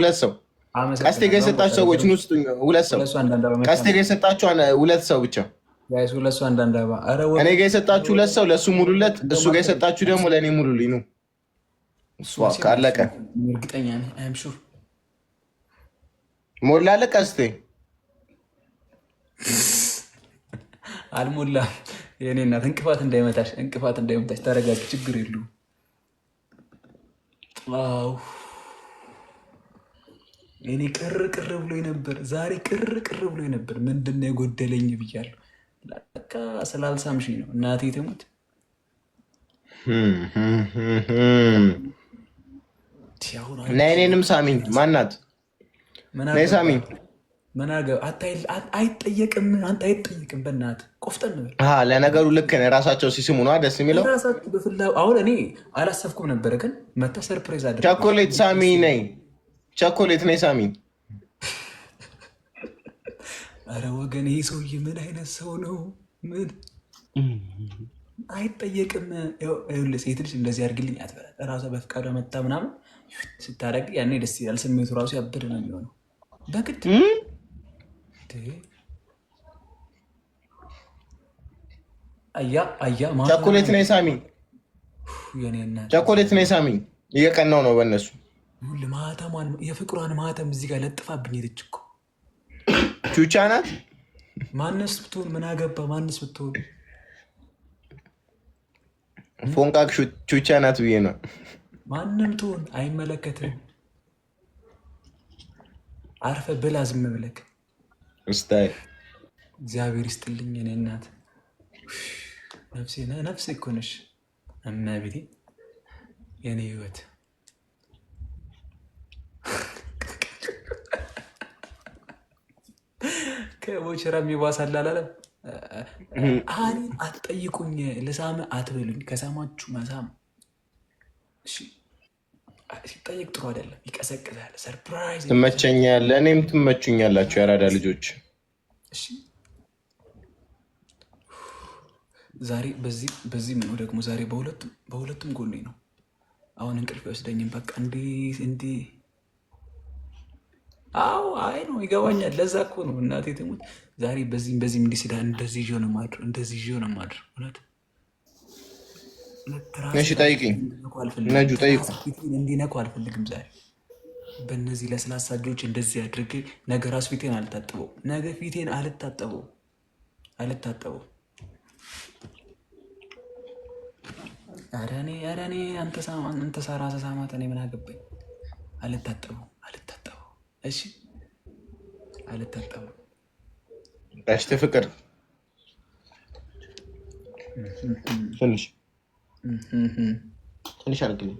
ሁለት ሰው ቀስቴጋ የሰጣችሁ ሰዎች ኑ ስጡኝ። ሁለት ሰው ቀስቴጋ የሰጣችሁ ሁለት ሰው ብቻ እኔ ጋ የሰጣችሁ ሁለት ሰው ለእሱ ሙሉለት፣ እሱ ጋ የሰጣችሁ ደግሞ ለእኔ ሙሉልኝ። ኑ አለቀ። ሞላለ ቀስቴ አልሞላም። የእኔ እናት እንቅፋት እንዳይመታሽ፣ እንቅፋት እንዳይመታሽ። ተረጋግ፣ ችግር የለውም። እኔ ቅር ቅር ብሎ ነበር፣ ዛሬ ቅር ቅር ብሎ ነበር። ምንድን ነው የጎደለኝ ብያለሁ። በቃ ስላልሳምሽ ነው እናቴ ትሙት። እና እኔንም ሳሚኝ ማናት ናይ ሳሚኝ ምን አይጠየቅም፣ አንተ አይጠየቅም። በእናት ቆፍጠን በል። ለነገሩ ልክ ነው። የራሳቸው ሲስሙ ነዋ ደስ የሚለው። አሁን እኔ አላሰብኩም ነበረ፣ ግን መታ ሰርፕሬዝ አድርግ። ቸኮሌት ሳሚ ነኝ ቸኮሌት ነው ሳሚ። አረ ወገን፣ ይህ ሰውዬ ምን አይነት ሰው ነው? ምን አይጠየቅም። ሴት ልጅ እንደዚህ አድርግልኝ አትበላት። እራሷ በፍቃዷ መታ ምናምን ስታደርግ ያኔ ደስ ይላል። ስሜቱ ራሱ ያበደ ነው የሚሆነው በግድ አያ አያ ቸኮሌት ነው ሳሚ፣ ቸኮሌት ነው ሳሚ። እየቀናው ነው በእነሱ የፍቅሯን ማህተም እዚህ ጋር ለጥፋብኝ ሄደች እኮ ቹቻ ናት። ማነስ ብትሆን ምን አገባ? ማነስ ብትሆን ፎንቃክ ቹቻ ናት ብዬ ነው። ማንም ትሆን አይመለከትም። አርፈ ብላ ዝም ብለክ ስታይ እግዚአብሔር ይስጥልኝ። እኔ እናት ነፍሴ ነፍሴ እኮ ነሽ እመቤቴ የኔ ህይወት ከቦቸራ የሚዋሳል አላለም። እኔን አትጠይቁኝ፣ ለሳመ አትበሉኝ። ከሳማችሁ መሳም ሲጠየቅ ጥሩ አይደለም፣ ይቀሰቅሳል። ሰርፕራይዝ ትመቸኛለ፣ እኔም ትመቹኛላችሁ የአራዳ ልጆች። ዛሬ በዚህ ምነው ደግሞ ዛሬ በሁለቱም ጎኔ ነው። አሁን እንቅልፍ አይወስደኝም። በቃ እንዲህ እንዲህ አዎ አይ ነው ይገባኛል። ለዛ እኮ ነው እናቴ ትሙት ዛሬ በዚህም በዚህም እንዲህ ሲዳ እንደዚህ ይዤው ነው የማድረው እንደዚህ ይዤው ነው የማድረው። እውነት እሺ፣ ጠይቂኝ ነጁ ጠይቁ። እንዲነኩ አልፈልግም። ዛሬ በእነዚህ ለስላሳ እጆች እንደዚህ አድርጌ ነገ ራሱ ፊቴን አልታጠበው፣ ነገ ፊቴን አልታጠበው፣ አልታጠበው። ኧረ እኔ ኧረ እኔ አንተ ሳራ ሳማት እኔ ምን አገባኝ፣ አልታጠበው እሺ አልታጠብም። እሺ ፍቅር ትንሽ ትንሽ አድርግልኝ።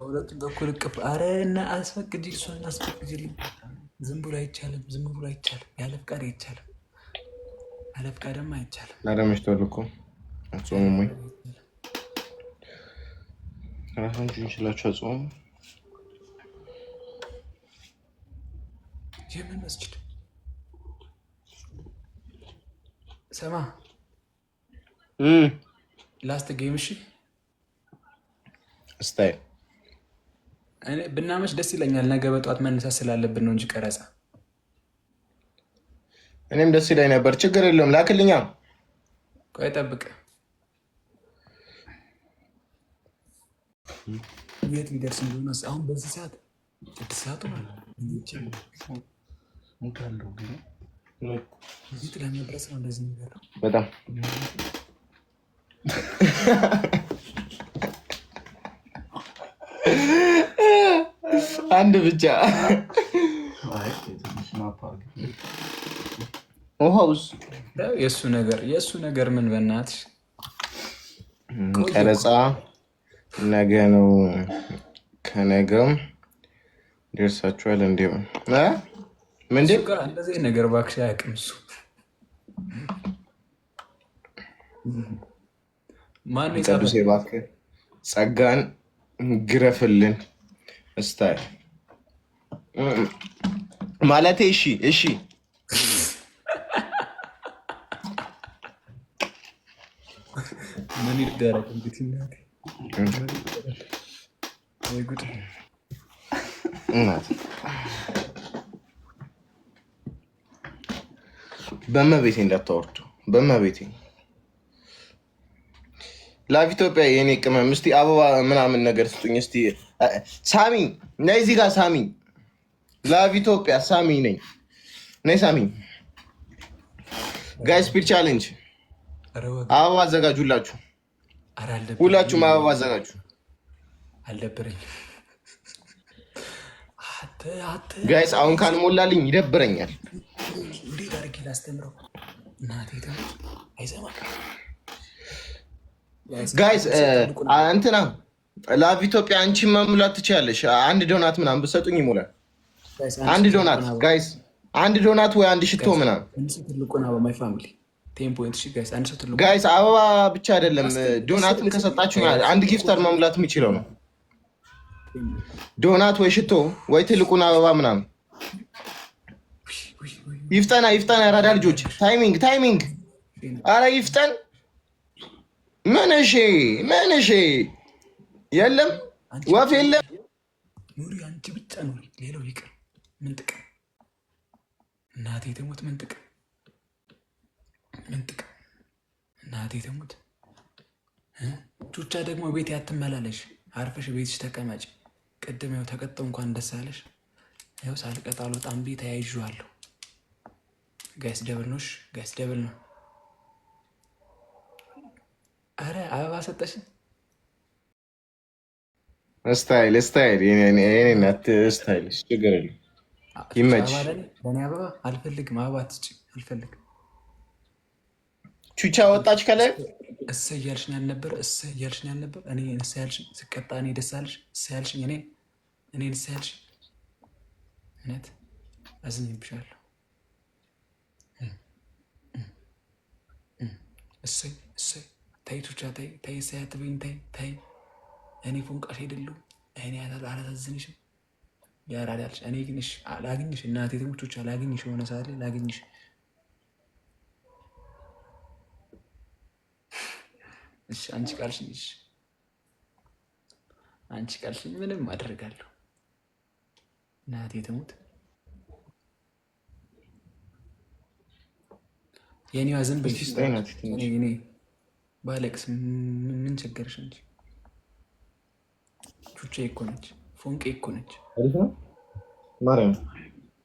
በሁለቱም በኩል እቅፍ አረ እና አስፈቅድ እሷን አስፈቅድልኝ። ዝም ብሎ አይቻልም፣ ዝም ብሎ አይቻልም። ያለ ፍቃድ አይቻልም፣ ያለ ፍቃድም አይቻልም። ላደመሽተል እኮ አጾሙ ወይ ራሳችሁ እንችላችሁ የምን መስጅድ ሰማ ላስት ጌም እሺ እስታይ ብናመች ደስ ይለኛል። ነገ በጠዋት መነሳት ስላለብን ነው እንጂ ቀረጻ እኔም ደስ ይለኝ ነበር። ችግር የለውም ላክልኛ። ቆይ ጠብቅ። የት ሊደርስ እንደሆነ አሁን በዚህ ሰዓት ስድስት ሰዓቱ በጣም አንድ ብቻ ውሃውስ የእሱ ነገር የእሱ ነገር ምን በእናትሽ ቀረፃ ነገ ነው። ከነገም ደርሳችኋል እንዲሆን ምንድን እንደዚህ ነገር እባክሽ አያውቅም እሱ ቅዱሴ እባክህ ጸጋን ግረፍልን እስታይል ማለቴ እሺ እሺ ምን ይደረግ እንግዲህ እናቴ በመቤቴ እንዳታወርዱ በመቤቴ። ላቭ ኢትዮጵያ የእኔ ቅመም እስቲ አበባ ምናምን ነገር ስጡኝ እስቲ። ሳሚ ነይ እዚህ ጋር ሳሚ። ላቭ ኢትዮጵያ ሳሚ ነኝ። ነይ ሳሚ። ጋይ ስፒድ ቻሌንጅ አበባ አዘጋጁላችሁ። ሁላችሁም አበባ አዘጋጁ። አልደበረኝም ጋይስ አሁን ካልሞላልኝ ይደብረኛል። እንዴት አድርጌ ላስተምረው? ጋይስ እንትና ላቭ ኢትዮጵያ አንቺ መሙላት ትችላለሽ። አንድ ዶናት ምናምን ብትሰጡኝ ይሞላል። አንድ ዶናት ጋይስ፣ አንድ ዶናት ወይ አንድ ሽቶ ምናምን። ጋይስ አበባ ብቻ አይደለም ዶናትን ከሰጣችሁ አንድ ጊፍተር መሙላት የሚችለው ነው ዶናት ወይ ሽቶ ወይ ትልቁን አበባ ምናምን ይፍጠና ይፍጠን። ያራዳ ልጆች ታይሚንግ ታይሚንግ። አረ ይፍጠን። ምን እሺ፣ ምን እሺ። የለም ወፍ የለም። ኑሪ አንቺ ብቻ ኑሪ፣ ሌላው ይቅር። ምን ጥቅም እናቴ ተሞት። ምን ጥቅም ምን ጥቅም እናቴ ተሞት። ቹቻ ደግሞ ቤት ያትመላለሽ፣ አርፈሽ ቤትሽ ተቀመጭ። ቅድም ያው ተቀጠው እንኳን ደስ አለሽ። ያው ሳልቀጥ በጣም ብዬ ተያይዤዋለሁ። ጋይስ ደብል ነሽ፣ ጋይስ ደብል ነው። አረ አበባ ሰጠሽን። ስታይል ስታይል፣ የእኔ ናት ስታይል። ችግር የለም ይመችሽ። በእኔ አበባ አልፈልግም፣ አበባ አትስጪ፣ አልፈልግም። ቹቻ ወጣች ከላይ እሰይ ያልሽኝ አልነበር? እሰይ ያልሽኝ አልነበር? እኔ እሰይ ያልሽኝ ስቀጣ እኔ ደስ አለሽ እሰይ ያልሽኝ እኔ እኔ ልሰድ እውነት አዝኜብሻለሁ። እሰይ እሰይ ተይ ቱቻ ተይ ተይ እሰይ አትበይኝ ተይ ተይ። እኔ ፎንቃሽ አይደለሁ እኔ አላሳዝንሽም። ያራዳልሽ እኔ ግን ላግኝሽ እናቴ ትሙች ቱቻ ላግኝሽ የሆነ ሰዓት ላይ ላግኝሽ አንቺ ቃልሽኝ አንቺ ቃልሽኝ ምንም አደርጋለሁ። እናቴ ትሙት የኔዋ ዝም ባለቅስ ምን ቸገረሽ እንጂ ቹቻ እኮ ነች፣ ፎንቄ እኮ ነች። ማርያም ኧረ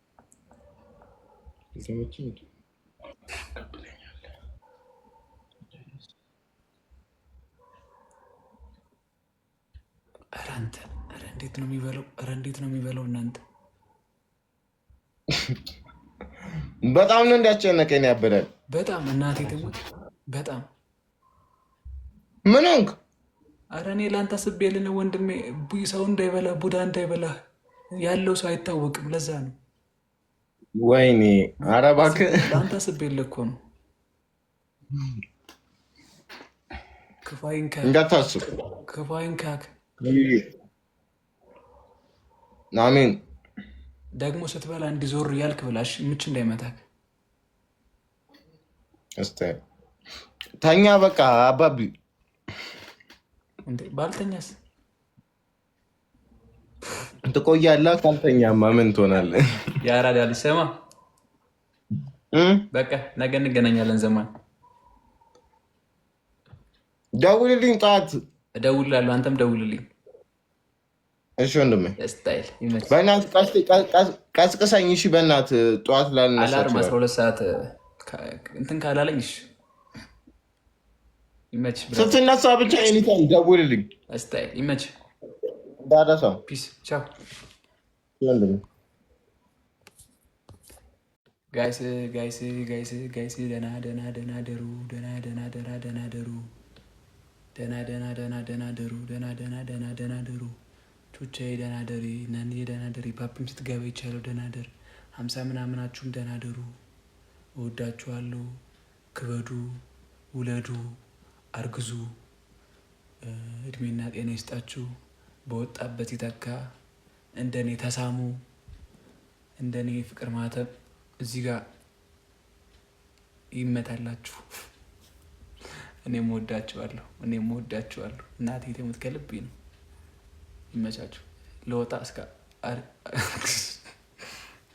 እንትን ኧረ እንዴት ነው የሚበለው? ኧረ እንዴት ነው የሚበለው እናንተ በጣም ነው እንዳስጨነቀኝ ነው ያበዳል። በጣም እናቴ ትሙት። በጣም ምን ሆንክ? አረ እኔ ለአንተ አስቤልህ ነው ወንድሜ። ሰው እንዳይበላ ቡዳ እንዳይበላ ያለው ሰው አይታወቅም። ለዛ ነው ወይኔ። አረ እባክህ ለአንተ አስቤልህ እኮ ነው። ክፋይን ካክ እንዳታስብ፣ ክፋይን ካክ አሜን ደግሞ ስትበላ እንዲህ ዞር እያልክ ብላሽ ምች እንዳይመታክ ተኛ። በቃ አባቢ ባልተኛስ ትቆያለህ። ካልተኛማ ምን ትሆናለህ? የአራዳ ልጅ ስማ፣ በቃ ነገ እንገናኛለን። ዘማን ደውልልኝ፣ ጠዋት እደውልልሃለሁ። አንተም ደውልልኝ። እሺ ወንድሜ በእናትህ ቀስቅሰኝ። እሺ በእናትህ ጠዋት ላልነሳ አስራ ሁለት ሰዓት እንትን ካላለኝ እሺ ስትነሳ ብቻ ኤኒታይም ደውልልኝ። ፒስ ቻው። ጋይስ ጋይስ ጋይስ ጋይስ ደሩ ደሩ ደሩ ደሩ ቹቻዬ ደናደሪ ነን የደናደሪ ደህና ስትገባ ይቻለው ደናደር ሀምሳ ምናምናችሁም ደናደሩ ደሩ፣ እወዳችኋለሁ፣ ክበዱ፣ ውለዱ፣ አርግዙ፣ እድሜና ጤና ይስጣችሁ፣ በወጣበት ይተካ፣ እንደኔ ተሳሙ፣ እንደኔ ፍቅር ማተብ እዚህ ጋር ይመታላችሁ። እኔም ወዳችኋለሁ፣ እኔም ወዳችኋለሁ። እናቴ የምትከልብኝ ነው። ይመቻችሁ። ለወጣ እስከ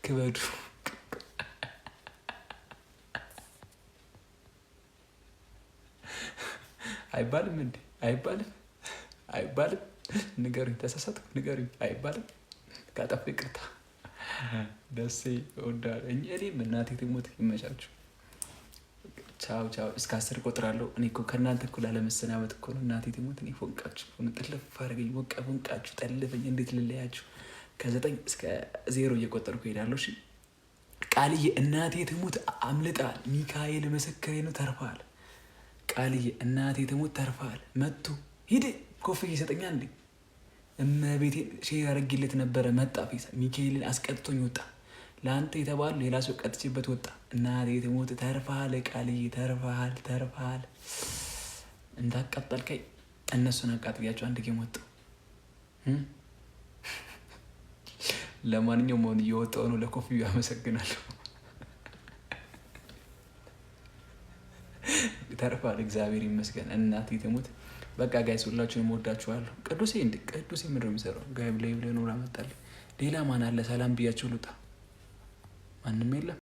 ክበዱ አይባልም እንዴ? አይባልም አይባልም። ንገሩኝ፣ ተሳሳትኩ ንገሩኝ። አይባልም። ካጠፋሁ ይቅርታ። ደሴ ወዳ እኔም እናቴ ትሞት ይመቻችሁ። ቻው ቻው። እስከ አስር ቆጥራለሁ። እኔ እኮ ከእናንተ እኮ ላለመሰናበት እኮ ነው። እናቴ ትሞት እኔ ፎንቃችሁ ሆነ ጥልፍ አድርገኝ፣ ሞቀ ፎንቃችሁ ጠልፈኝ፣ እንዴት ልለያችሁ? ከዘጠኝ እስከ ዜሮ እየቆጠርኩ ሄዳለሁ። እሺ ቃልዬ፣ እናቴ ትሞት አምልጣል። ሚካኤል መሰከሬ ነው፣ ተርፋል። ቃልዬ፣ እናቴ ትሞት ተርፋል። መጥቶ ሂድ ኮፍዬ ሰጠኛ እንዴ እመቤቴ ሼር አድርጌለት ነበረ። መጣ ፌሳ ሚካኤልን አስቀጥቶኝ ወጣ። ለአንተ የተባሉ ሌላ ሰው ቀጥቼበት ወጣ እና የተሞት ተርፋሃል፣ ቃልዬ ተርፋሃል፣ ተርፋሃል። እንዳቃጠልከኝ እነሱን አቃጥያቸው አንድ ጌም ወጣሁ። ለማንኛውም ሆን እየወጣው ነው። ለኮፍዩ አመሰግናለሁ። ተርፋል፣ እግዚአብሔር ይመስገን። እናት የተሞት በቃ ጋይስ፣ ሁላችሁንም ወዳችኋለሁ። ቅዱሴ ቅዱሴ ምድር የሚሰራው ጋይ ላይ ብለ ኖር አመጣለሁ። ሌላ ማን አለ? ሰላም ብያቸው ልውጣ ማንም የለም።